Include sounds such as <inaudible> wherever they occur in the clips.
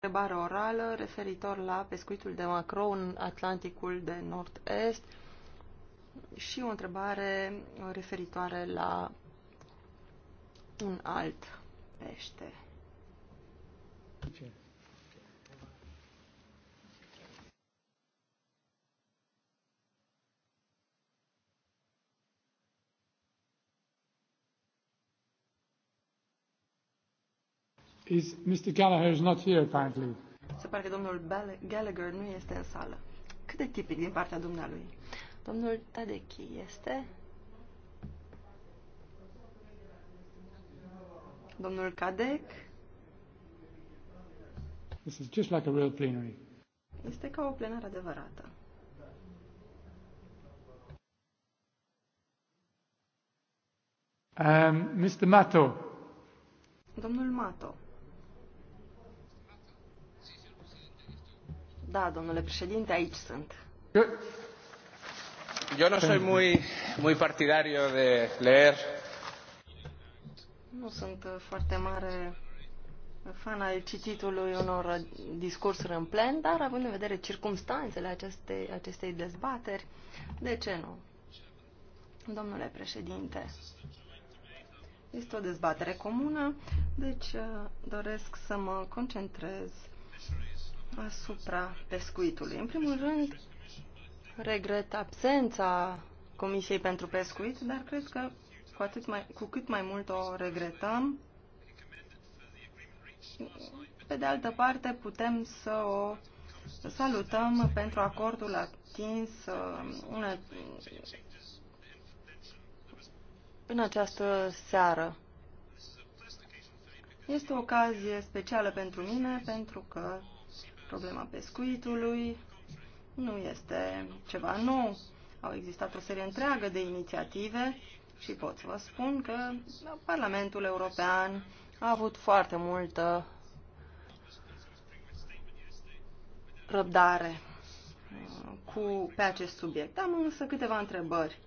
întrebare orală referitor la pescuitul de macro în Atlanticul de Nord-Est și o întrebare referitoare la un alt pește. Ce? Is Mr. Gallagher is not here, apparently. Se pare că domnul Gallagher nu este în sală. Cât de tipic din partea dumnealui. Domnul Tadechi este... Domnul Cadec. This is just like a real plenary. Este ca o plenară adevărată. Um, Mr. Mato. Domnul Mato. Da, domnule președinte, aici sunt. Eu, nu sunt muy, muy partidario de leer. Nu sunt uh, foarte mare fan al cititului unor uh, discursuri în plen, dar având în vedere circumstanțele acestei, acestei dezbateri, de ce nu? Domnule președinte, este o dezbatere comună, deci uh, doresc să mă concentrez asupra pescuitului. În primul rând, regret absența Comisiei pentru Pescuit, dar cred că cu, atât mai, cu cât mai mult o regretăm, pe de altă parte putem să o salutăm pentru acordul atins uh, una, în această seară. Este o ocazie specială pentru mine pentru că Problema pescuitului nu este ceva nou. Au existat o serie întreagă de inițiative și pot să vă spun că Parlamentul European a avut foarte multă răbdare uh, cu, pe acest subiect. Am însă câteva întrebări.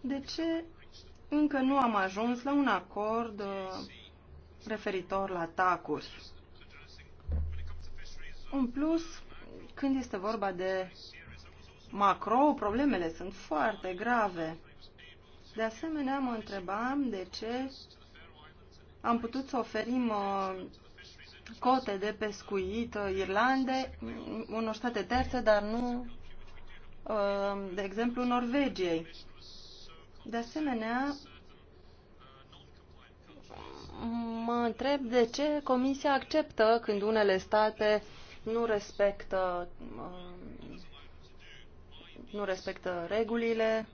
De ce încă nu am ajuns la un acord uh, referitor la tacuri? În plus, când este vorba de macro, problemele sunt foarte grave. De asemenea, mă întrebam de ce am putut să oferim uh, cote de pescuit uh, Irlande, mm, unor state terțe, dar nu, uh, de exemplu, Norvegiei. De asemenea, mă întreb de ce Comisia acceptă când unele state nu respectă, um, nu respectă regulile,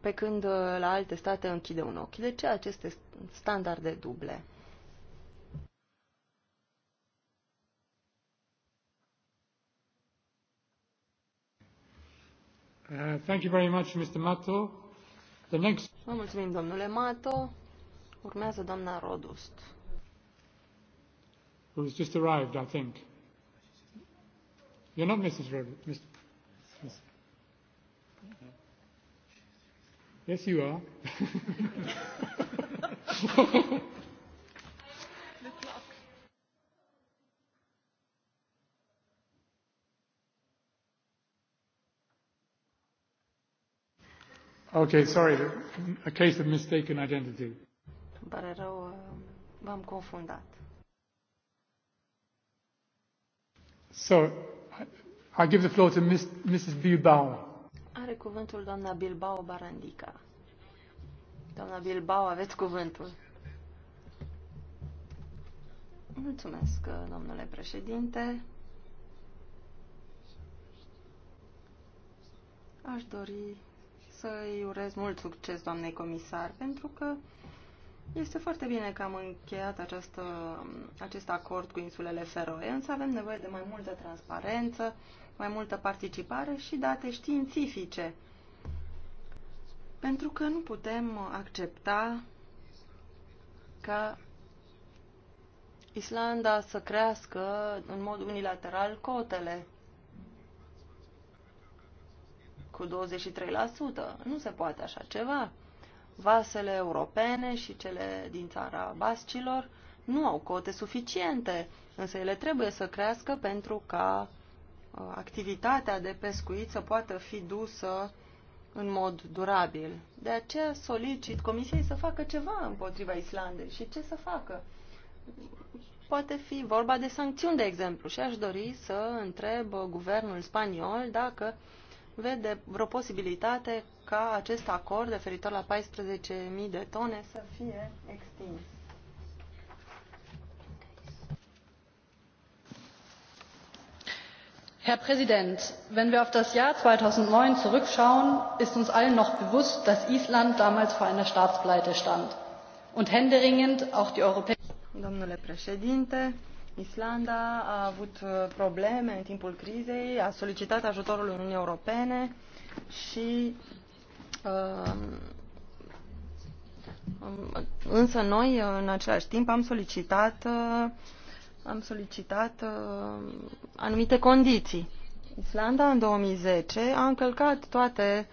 pe când uh, la alte state închide un ochi. De ce aceste standarde duble? Uh, thank you very much, Mr. Mato. The next... Vă mulțumim, domnule Mato. Urmează doamna Rodust. Who's just arrived, I think. You're not Mrs. Rodriguez. Mr. Yes, you are. okay, sorry, a case of mistaken identity. Uh, so, I give the floor to Miss, Mrs. Bilbao. Are cuvântul doamna Bilbao Barandica. Doamna Bilbao, aveți cuvântul. Mulțumesc, domnule președinte. Aș dori să-i urez mult succes, doamnei comisar, pentru că este foarte bine că am încheiat această, acest acord cu insulele Feroe, însă avem nevoie de mai multă transparență, mai multă participare și date științifice. Pentru că nu putem accepta ca Islanda să crească în mod unilateral cotele cu 23%. Nu se poate așa ceva vasele europene și cele din țara bascilor nu au cote suficiente, însă ele trebuie să crească pentru ca uh, activitatea de pescuit să poată fi dusă în mod durabil. De aceea solicit Comisiei să facă ceva împotriva Islandei. Și ce să facă? Poate fi vorba de sancțiuni, de exemplu. Și aș dori să întreb uh, guvernul spaniol dacă vede vreo posibilitate ca acest acord referitor la 14.000 de tone să fie extins? herr präsident! wenn wir auf das jahr 2009 zurückschauen ist uns allen noch bewusst dass island damals vor einer staatspleite stand und händeringend auch die europäische Islanda a avut uh, probleme în timpul crizei, a solicitat ajutorul Uniunii Europene și um, um, însă noi uh, în același timp am solicitat uh, am solicitat anumite condiții. Islanda în 2010 a încălcat toate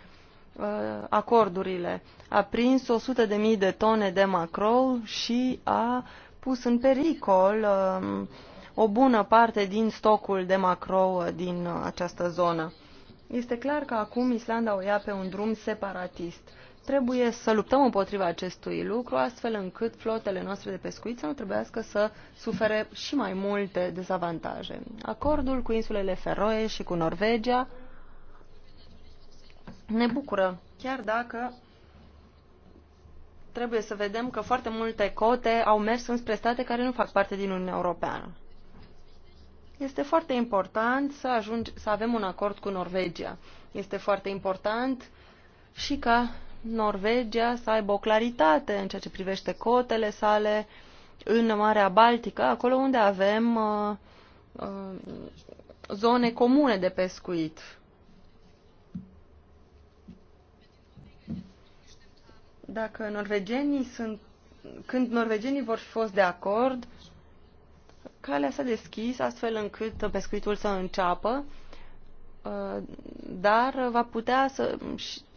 acordurile. A prins 100.000 de tone de macrol și a pus în pericol um, o bună parte din stocul de macro uh, din uh, această zonă. Este clar că acum Islanda o ia pe un drum separatist. Trebuie să luptăm împotriva acestui lucru, astfel încât flotele noastre de pescuit să nu trebuiască să sufere și mai multe dezavantaje. Acordul cu insulele Feroe și cu Norvegia ne bucură, chiar dacă trebuie să vedem că foarte multe cote au mers înspre state care nu fac parte din Uniunea Europeană. Este foarte important să, ajungi, să avem un acord cu Norvegia. Este foarte important și ca Norvegia să aibă o claritate în ceea ce privește cotele sale în Marea Baltică, acolo unde avem uh, uh, zone comune de pescuit dacă norvegenii sunt, când norvegenii vor fi fost de acord, calea s-a deschis astfel încât pescuitul să înceapă, uh, dar va putea să,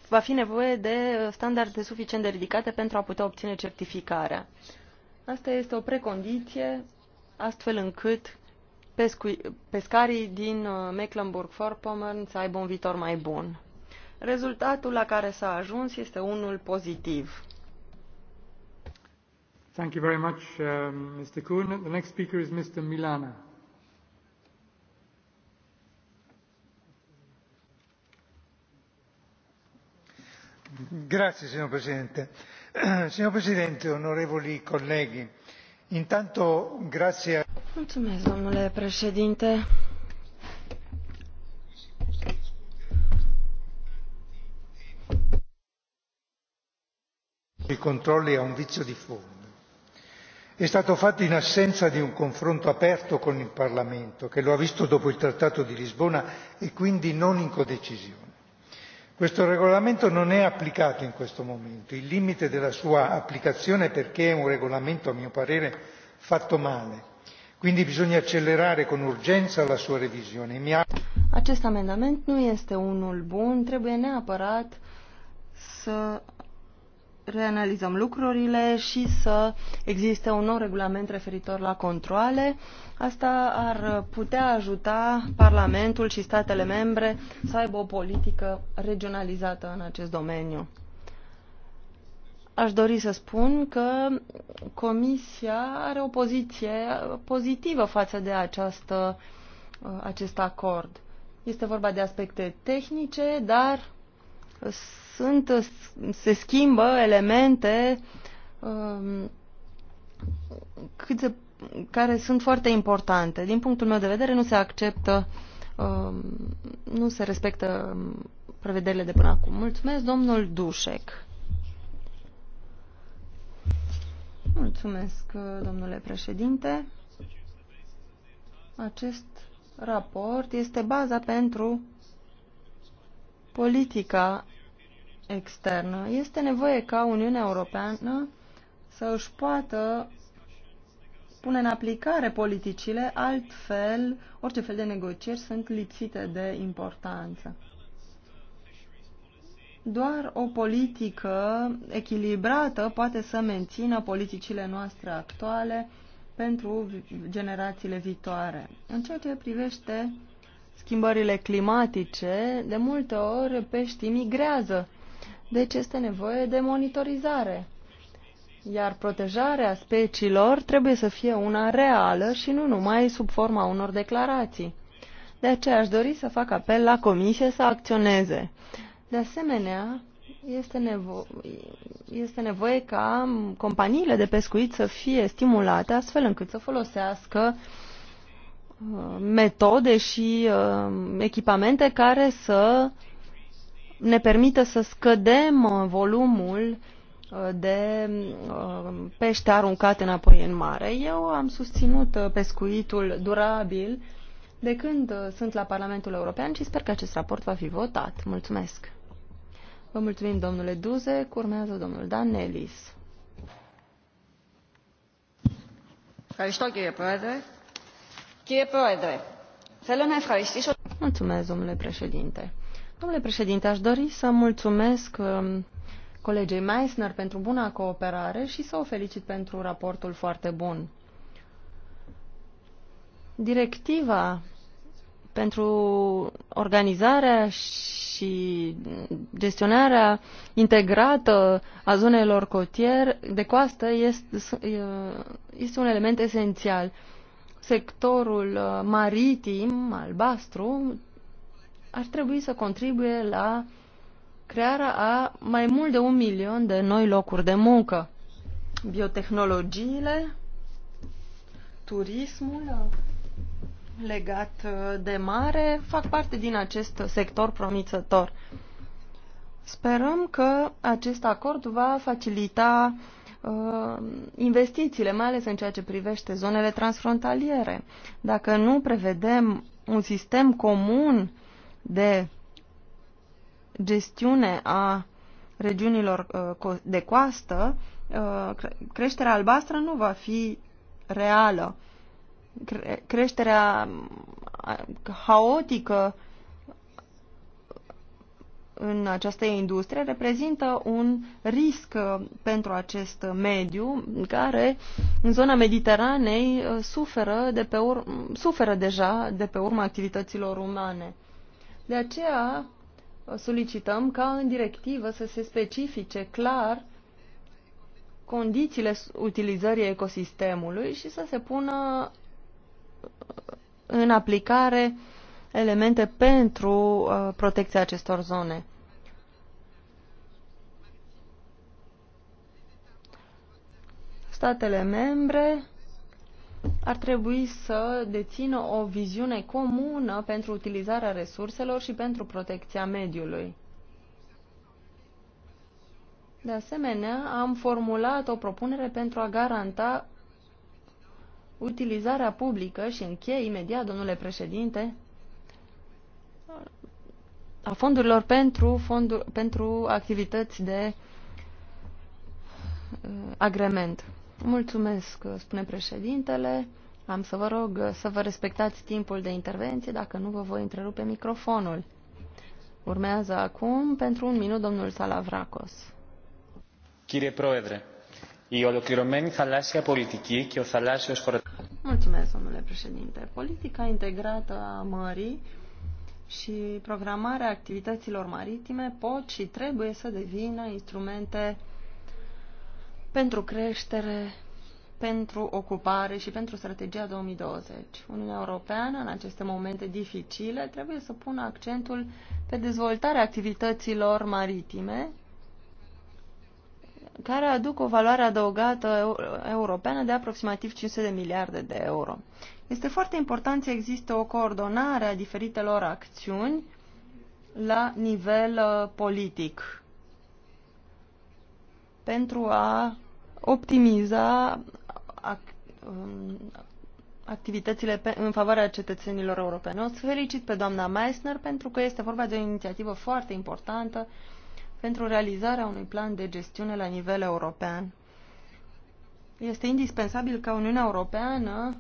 va fi nevoie de standarde suficient de ridicate pentru a putea obține certificarea. Asta este o precondiție astfel încât pescui, pescarii din uh, Mecklenburg-Vorpommern să aibă un viitor mai bun. Rezultatul la care s-a ajuns este unul pozitiv. Thank you very much, uh, Mr. Kuhn. The next speaker is Mr. Milana. Grazie, signor Presidente. <clears throat> Signor Presidente, onorevoli colleghi, intanto grazie. Mulțumesc, domnule președinte. controlli a un vizio di fondo. È stato fatto in assenza di un confronto aperto con il Parlamento, che lo ha visto dopo il Trattato di Lisbona e quindi non in codecisione. Questo regolamento non è applicato in questo momento, il limite della sua applicazione è perché è un regolamento, a mio parere, fatto male. Quindi bisogna accelerare con urgenza la sua revisione. Mi ha... Acest amendament nu este unul bun, trebuie neapărat să reanalizăm lucrurile și să existe un nou regulament referitor la controle. Asta ar putea ajuta Parlamentul și statele membre să aibă o politică regionalizată în acest domeniu. Aș dori să spun că Comisia are o poziție pozitivă față de această, acest acord. Este vorba de aspecte tehnice, dar sunt, se schimbă elemente um, cât se, care sunt foarte importante. Din punctul meu de vedere, nu se acceptă, um, nu se respectă um, prevederile de până acum. Mulțumesc, domnul Dușec. Mulțumesc, domnule președinte. Acest raport este baza pentru politica externă. Este nevoie ca Uniunea Europeană să își poată pune în aplicare politicile, altfel orice fel de negocieri sunt lipsite de importanță. Doar o politică echilibrată poate să mențină politicile noastre actuale pentru generațiile viitoare. În ceea ce privește schimbările climatice, de multe ori peștii migrează deci este nevoie de monitorizare. Iar protejarea speciilor trebuie să fie una reală și nu numai sub forma unor declarații. De aceea aș dori să fac apel la Comisie să acționeze. De asemenea, este, nevo- este nevoie ca companiile de pescuit să fie stimulate astfel încât să folosească uh, metode și uh, echipamente care să ne permită să scădem uh, volumul uh, de uh, pește aruncat înapoi în mare. Eu am susținut pescuitul durabil de când sunt la Parlamentul European și sper că acest raport va fi votat. Mulțumesc! Vă mulțumim, domnule Duze. Urmează domnul Dan Nelis. Mulțumesc, domnule președinte. Domnule președinte, aș dori să mulțumesc um, colegei Meissner pentru buna cooperare și să o felicit pentru raportul foarte bun. Directiva pentru organizarea și gestionarea integrată a zonelor cotier de coastă este, este un element esențial. Sectorul uh, maritim, albastru, ar trebui să contribuie la crearea a mai mult de un milion de noi locuri de muncă. Biotehnologiile, turismul legat uh, de mare fac parte din acest sector promițător. Sperăm că acest acord va facilita uh, investițiile, mai ales în ceea ce privește zonele transfrontaliere. Dacă nu prevedem un sistem comun de gestiune a regiunilor uh, de coastă, uh, creșterea albastră nu va fi reală. Creșterea uh, haotică în această industrie reprezintă un risc pentru acest mediu care în zona Mediteranei suferă, de pe suferă deja de pe urma activităților umane. De aceea uh, solicităm ca în directivă să se specifice clar condițiile utilizării ecosistemului și să se pună uh, în aplicare elemente pentru uh, protecția acestor zone. Statele membre ar trebui să dețină o viziune comună pentru utilizarea resurselor și pentru protecția mediului. De asemenea, am formulat o propunere pentru a garanta utilizarea publică și încheie imediat, domnule președinte, a fondurilor pentru, fonduri, pentru activități de uh, agrement. Mulțumesc, spune președintele. Am să vă rog să vă respectați timpul de intervenție, dacă nu vă voi întrerupe microfonul. Urmează acum, pentru un minut, domnul Salavracos. Chirie Proedre, η ολοκληρωμένη θαλάσσια πολιτική και ο θαλάσσιος Mulțumesc, domnule președinte. Politica integrată a mării și programarea activităților maritime pot și trebuie să devină instrumente pentru creștere, pentru ocupare și pentru strategia 2020. Uniunea Europeană, în aceste momente dificile, trebuie să pună accentul pe dezvoltarea activităților maritime, care aduc o valoare adăugată europeană de aproximativ 500 de miliarde de euro. Este foarte important să existe o coordonare a diferitelor acțiuni la nivel uh, politic pentru a optimiza um, activitățile pe, în favoarea cetățenilor europeni. O să felicit pe doamna Meissner pentru că este vorba de o inițiativă foarte importantă pentru realizarea unui plan de gestiune la nivel european. Este indispensabil ca Uniunea Europeană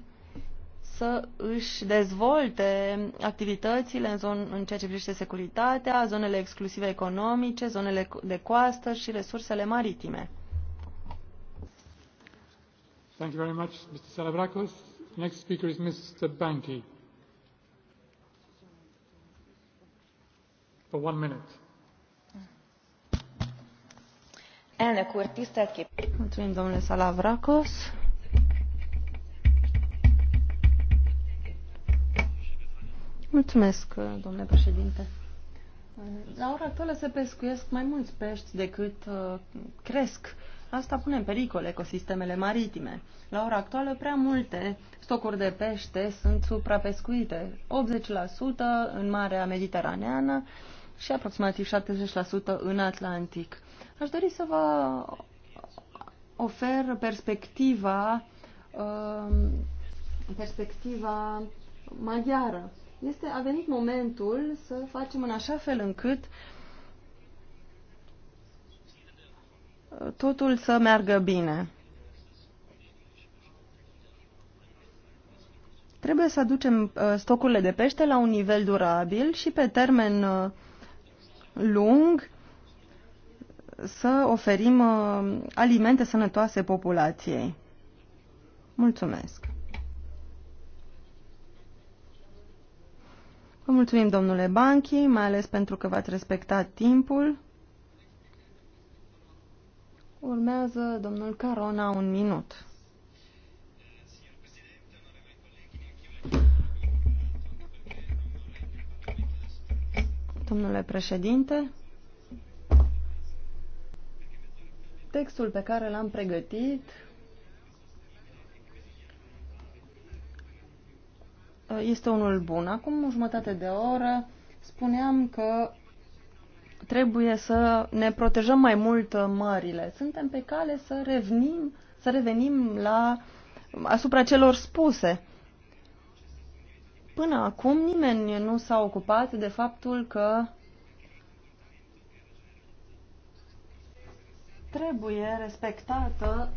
să își dezvolte activitățile în, zon, în ceea ce privește securitatea, zonele exclusive economice, zonele de coastă și resursele maritime. Thank you very much, Mr. Salavrakos. Next speaker is Mr. For one minute. Elnök úr, tisztelt kép... Mulțumim, domnule Salavrakos. Mulțumesc, domnule președinte. La ora actuală se pescuiesc mai mulți pești decât uh, cresc Asta pune în pericol ecosistemele maritime. La ora actuală, prea multe stocuri de pește sunt suprapescuite, 80% în Marea Mediteraneană și aproximativ 70% în Atlantic. Aș dori să vă ofer perspectiva, um, perspectiva maghiară. Este, a venit momentul să facem în așa fel încât uh, totul să meargă bine. Trebuie să aducem uh, stocurile de pește la un nivel durabil și pe termen uh, lung să oferim uh, alimente sănătoase populației. Mulțumesc! Vă mulțumim, domnule Banchi, mai ales pentru că v-ați respectat timpul. Urmează domnul Carona un minut. Domnule președinte, textul pe care l-am pregătit este unul bun. Acum o jumătate de oră spuneam că trebuie să ne protejăm mai mult uh, mările. Suntem pe cale să revenim, să revenim la uh, asupra celor spuse. Până acum nimeni nu s-a ocupat de faptul că trebuie respectată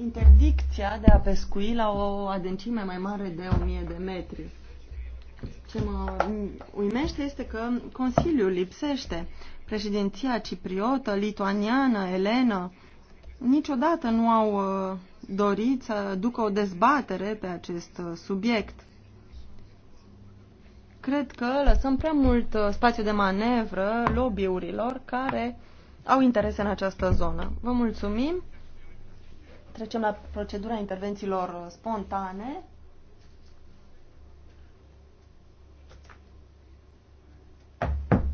interdicția de a pescui la o adâncime mai mare de 1000 de metri. Ce mă uimește este că Consiliul lipsește. Președinția cipriotă, lituaniană, elenă, niciodată nu au uh, dorit să ducă o dezbatere pe acest uh, subiect. Cred că lăsăm prea mult uh, spațiu de manevră lobby-urilor care au interese în această zonă. Vă mulțumim. Trecem la procedura intervențiilor spontane.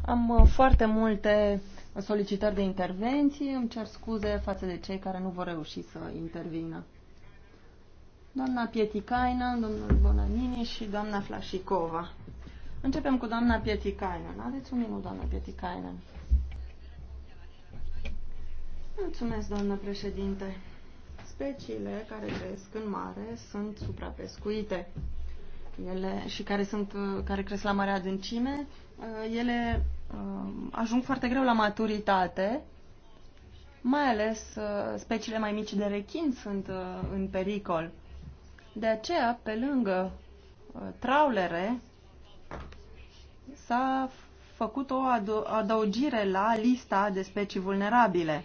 Am uh, foarte multe solicitări de intervenții. Îmi cer scuze față de cei care nu vor reuși să intervină. Doamna Pietikainen, domnul Bonanini și doamna Flașicova. Începem cu doamna Pietikainen. Aveți un minut, doamna Pietikainen. Mulțumesc, doamnă președinte. Speciile care cresc în mare sunt suprapescuite. Ele și care, sunt, uh, care cresc la mare adâncime Uh, ele uh, ajung foarte greu la maturitate, mai ales uh, speciile mai mici de rechin sunt în pericol. De aceea, pe lângă traulere, s-a făcut o adăugire la lista de specii vulnerabile.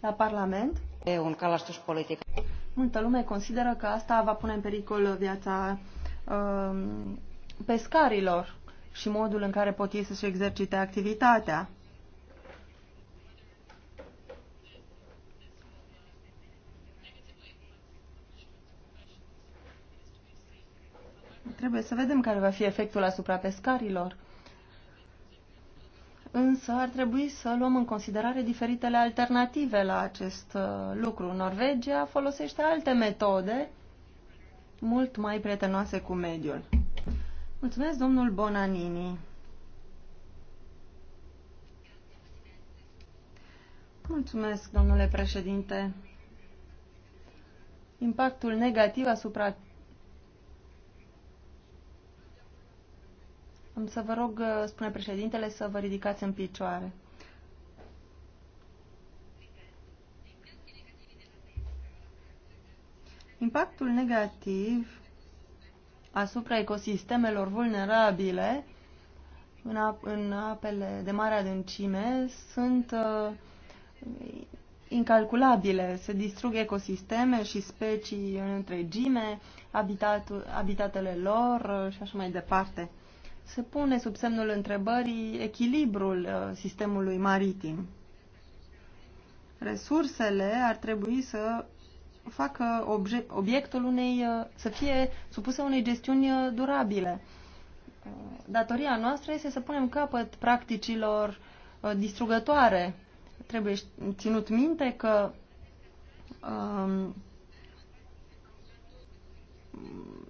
La Parlament, EUn Multă lume consideră că asta va pune în pericol viața um, pescarilor și modul în care pot ei să-și exercite activitatea. Trebuie să vedem care va fi efectul asupra pescarilor însă ar trebui să luăm în considerare diferitele alternative la acest uh, lucru. Norvegia folosește alte metode mult mai prietenoase cu mediul. Mulțumesc, domnul Bonanini. Mulțumesc, domnule președinte. Impactul negativ asupra să vă rog, uh, spune președintele, să vă ridicați în picioare. Impactul negativ asupra ecosistemelor vulnerabile în, ap în apele de mare adâncime sunt uh, incalculabile. Se distrug ecosisteme și specii în întregime, habitatele lor uh, și așa mai departe se pune sub semnul întrebării echilibrul uh, sistemului maritim. Resursele ar trebui să facă obiectul unei, uh, să fie supuse unei gestiuni uh, durabile. Datoria noastră este să punem capăt practicilor distrugătoare. Trebuie ținut minte că um,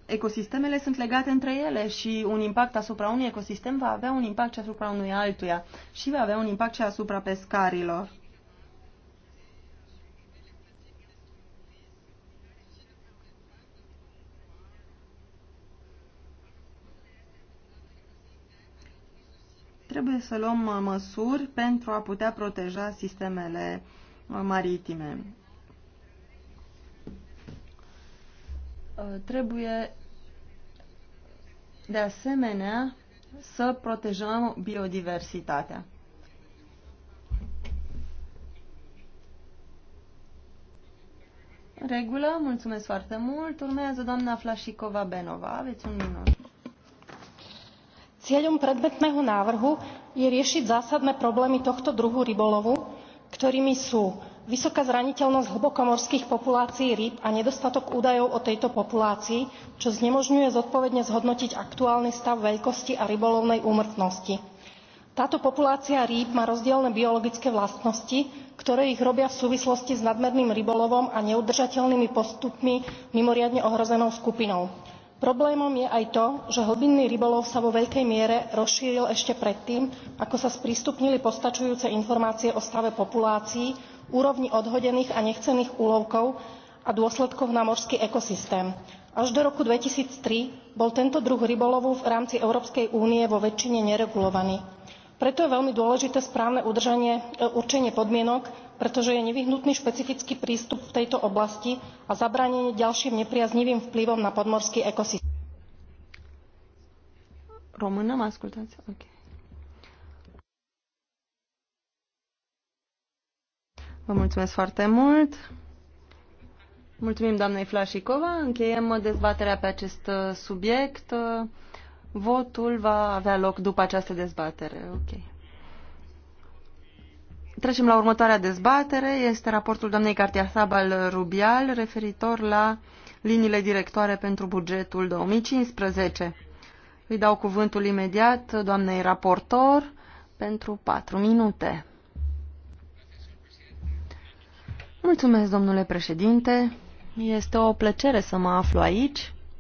ecosistemele sunt legate între ele și un impact asupra unui ecosistem va avea un impact și asupra unui altuia și va avea un impact și asupra pescarilor. Trebuie să luăm uh, măsuri pentru a putea proteja sistemele uh, maritime. Uh, trebuie de asemenea să protejăm biodiversitatea. regulă, mulțumesc foarte mult. Urmează doamna Flașicova Benova. Aveți un minut. Cieľom predmetného návrhu je riešiť zásadné problémy tohto druhu rybolovu, ktorými sú vysoká zraniteľnosť hlbokomorských populácií rýb a nedostatok údajov o tejto populácii, čo znemožňuje zodpovedne zhodnotiť aktuálny stav veľkosti a rybolovnej úmrtnosti. Táto populácia rýb má rozdielne biologické vlastnosti, ktoré ich robia v súvislosti s nadmerným rybolovom a neudržateľnými postupmi mimoriadne ohrozenou skupinou. Problémom je aj to, že hlbinný rybolov sa vo veľkej miere rozšíril ešte predtým, ako sa sprístupnili postačujúce informácie o stave populácií úrovni odhodených a nechcených úlovkov a dôsledkov na morský ekosystém. Až do roku 2003 bol tento druh rybolovu v rámci Európskej únie vo väčšine neregulovaný. Preto je veľmi dôležité správne udržanie, určenie podmienok, pretože je nevyhnutný špecifický prístup v tejto oblasti a zabránenie ďalším nepriaznivým vplyvom na podmorský ekosystém. Română, mă ascultați? Okay. Vă mulțumesc foarte mult. Mulțumim doamnei Flașicova. Încheiem dezbaterea pe acest uh, subiect. Uh, votul va avea loc după această dezbatere. Ok. Trecem la următoarea dezbatere. Este raportul doamnei Cartia Sabal Rubial referitor la liniile directoare pentru bugetul 2015. Îi dau cuvântul imediat doamnei raportor pentru 4 minute. Mulțumesc, domnule președinte. Este o plăcere să mă aflu aici